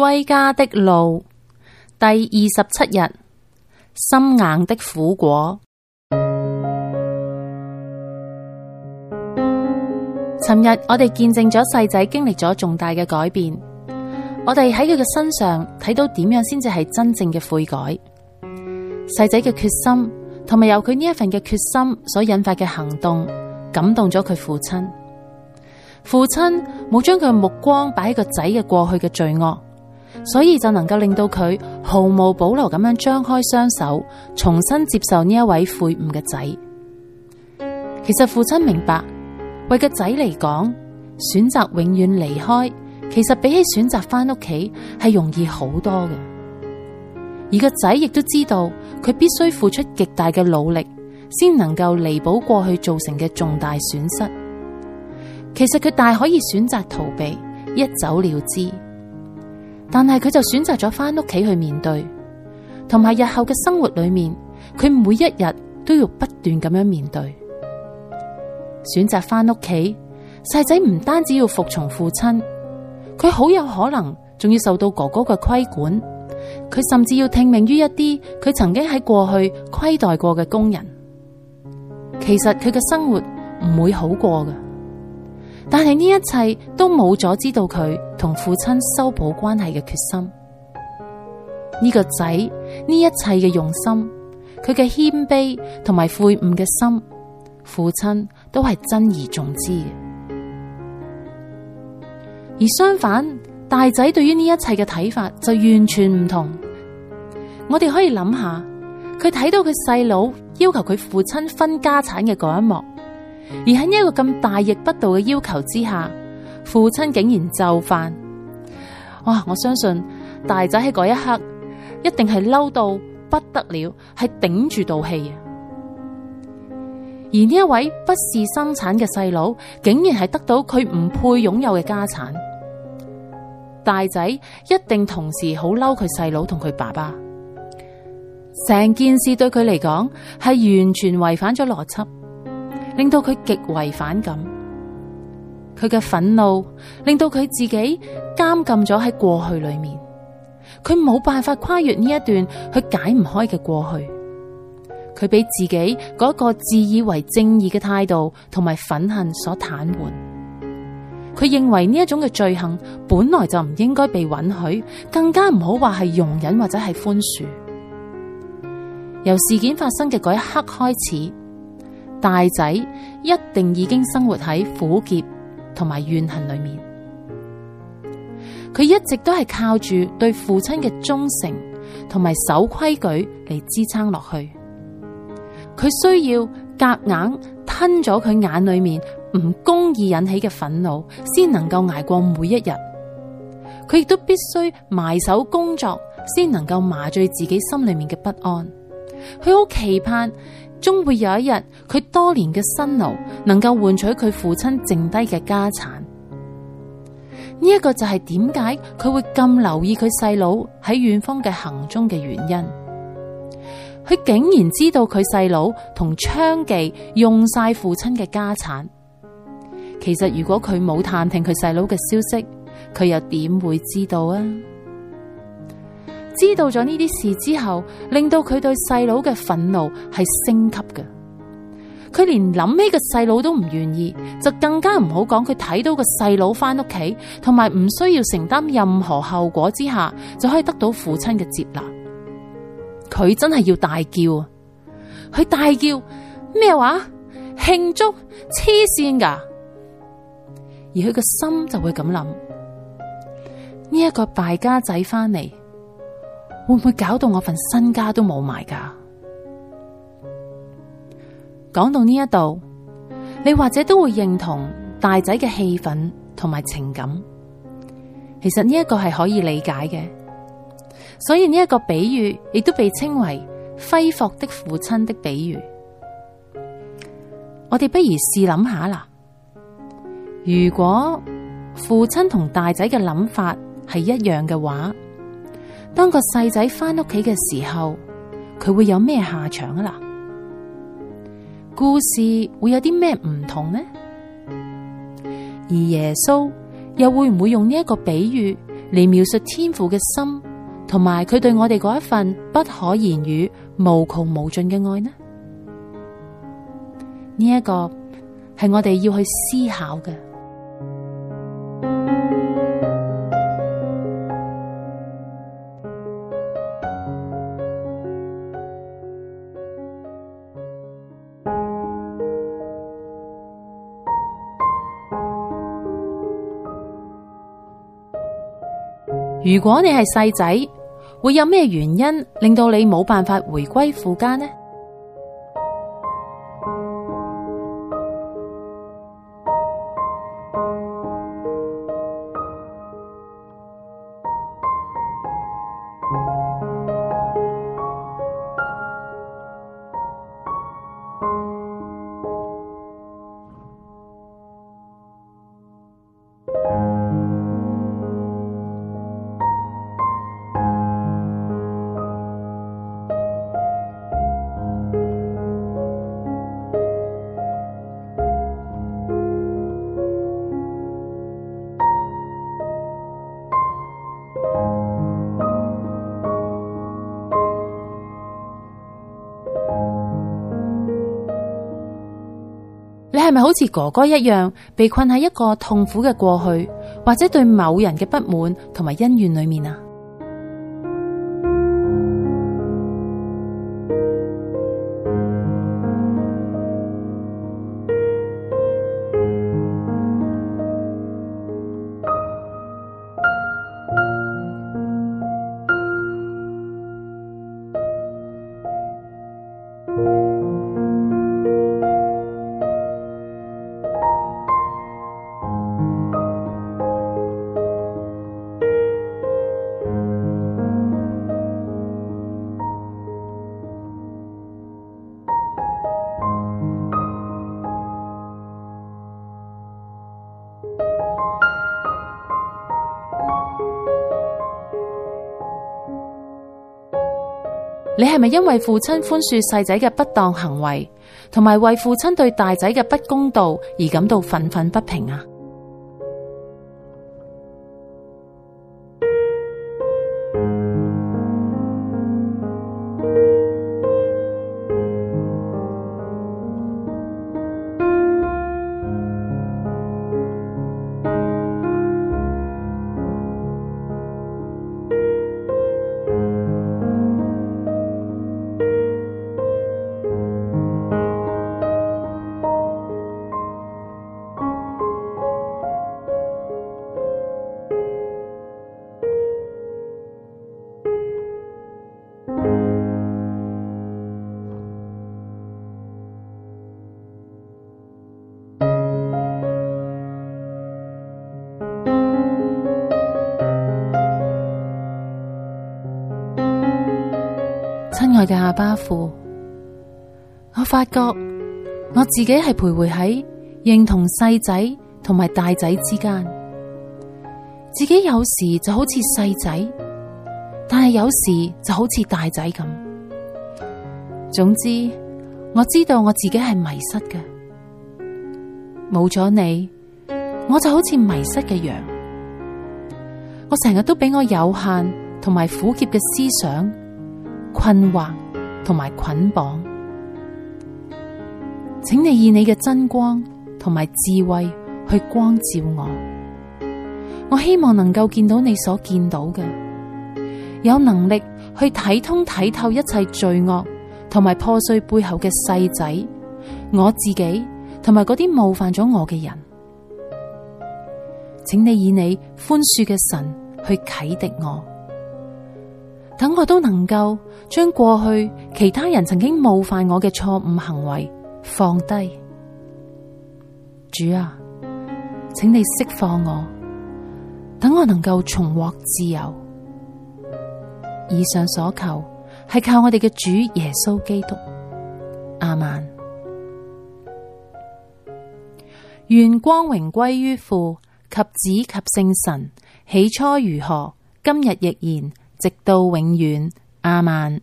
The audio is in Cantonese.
歸家的路第二十七日，心硬的苦果。尋日，我哋見證咗細仔經歷咗重大嘅改變。我哋喺佢嘅身上睇到點樣先至係真正嘅悔改。細仔嘅決心，同埋由佢呢一份嘅決心所引發嘅行動，感動咗佢父親。父親冇將佢嘅目光擺喺個仔嘅過去嘅罪惡。所以就能夠令到佢毫無保留咁樣張開雙手，重新接受呢一位悔悟嘅仔。其實父親明白，為個仔嚟講，選擇永遠離開，其實比起選擇翻屋企，係容易好多嘅。而個仔亦都知道，佢必須付出極大嘅努力，先能夠彌補過去造成嘅重大損失。其實佢大可以選擇逃避，一走了之。但係佢就選擇咗翻屋企去面對，同埋日後嘅生活裏面，佢每一日都要不斷咁樣面對。選擇翻屋企，細仔唔單止要服從父親，佢好有可能仲要受到哥哥嘅規管，佢甚至要聽命於一啲佢曾經喺過去虧待過嘅工人。其實佢嘅生活唔會好過㗎。但係呢一切都冇阻止到佢同父親修補關係嘅決心。呢個仔呢一切嘅用心，佢嘅謙卑同埋悔悟嘅心，父親都係珍而重之嘅。而相反，大仔對於呢一切嘅睇法就完全唔同。我哋可以諗下，佢睇到佢細佬要求佢父親分家產嘅嗰一幕。而喺呢一個咁大逆不道嘅要求之下，父親竟然就範，哇、哦！我相信大仔喺嗰一刻一定係嬲到不得了，係頂住道氣啊！而呢一位不事生產嘅細佬，竟然係得到佢唔配擁有嘅家產，大仔一定同時好嬲佢細佬同佢爸爸，成件事對佢嚟講係完全違反咗邏輯。令到佢極為反感，佢嘅憤怒令到佢自己監禁咗喺過去裏面，佢冇辦法跨越呢一段佢解唔開嘅過去。佢俾自己嗰個自以為正義嘅態度同埋憤恨所癱瘓。佢認為呢一種嘅罪行本來就唔應該被允許，更加唔好話係容忍或者係寬恕。由事件發生嘅嗰一刻開始。大仔一定已經生活喺苦澀同埋怨恨裏面，佢一直都係靠住對父親嘅忠誠同埋守規矩嚟支撐落去。佢需要夾硬，硬吞咗佢眼裏面唔公義引起嘅憤怒，先能夠挨過每一日。佢亦都必須埋首工作，先能夠麻醉自己心裏面嘅不安。佢好期盼，終會有一日，佢多年嘅辛勞能夠換取佢父親剩低嘅家產。呢一個就係點解佢會咁留意佢細佬喺遠方嘅行蹤嘅原因。佢竟然知道佢細佬同娼妓用晒父親嘅家產。其實如果佢冇探聽佢細佬嘅消息，佢又點會知道啊？知道咗呢啲事之後，令到佢對細佬嘅憤怒係升級嘅。佢連諗起個細佬都唔願意，就更加唔好講佢睇到個細佬翻屋企，同埋唔需要承擔任何後果之下，就可以得到父親嘅接納。佢真係要大叫，大叫啊！佢大叫咩話？慶祝？痴線噶！而佢個心就會咁諗：呢、這、一個敗家仔翻嚟。會唔會搞到我份身家都冇埋噶？講到呢一度，你或者都會認同大仔嘅氣憤同埋情感。其實呢一個係可以理解嘅，所以呢一個比喻亦都被稱為揮霍的父親的比喻。我哋不如試諗下啦。如果父親同大仔嘅諗法係一樣嘅話，當個細仔翻屋企嘅時候，佢會有咩下場啊？啦，故事會有啲咩唔同呢？而耶穌又會唔會用呢一個比喻嚟描述天父嘅心，同埋佢對我哋嗰一份不可言語、無窮無盡嘅愛呢？呢、這、一個係我哋要去思考嘅。如果你係細仔，會有咩原因令到你冇辦法回歸父家呢？係咪好似哥哥一樣，被困喺一個痛苦嘅過去，或者對某人嘅不滿同埋恩怨裏面啊？你係咪因為父親寬恕細仔嘅不當行為，同埋為父親對大仔嘅不公道而感到憤憤不平啊？親愛嘅阿爸父，我發覺我自己係徘徊喺認同細仔同埋大仔之間，自己有時就好似細仔，但係有時就好似大仔咁。總之，我知道我自己係迷失嘅，冇咗你，我就好似迷失嘅羊。我成日都俾我有限同埋苦澀嘅思想，困惑同埋捆綁，請你以你嘅真光同埋智慧去光照我。我希望能夠見到你所見到嘅，有能力去睇通睇透一切罪惡同埋破碎背後嘅細仔，我自己同埋嗰啲冒犯咗我嘅人，請你以你寬恕嘅神去啟迪我。等我都能夠將過去其他人曾經冒犯我嘅錯誤行為放低，主啊，請你釋放我，等我能夠重獲自由。以上所求係靠我哋嘅主耶穌基督。亞孟。願光榮歸於父及子及聖神，起初如何，今日亦然。直到永遠，亞孟。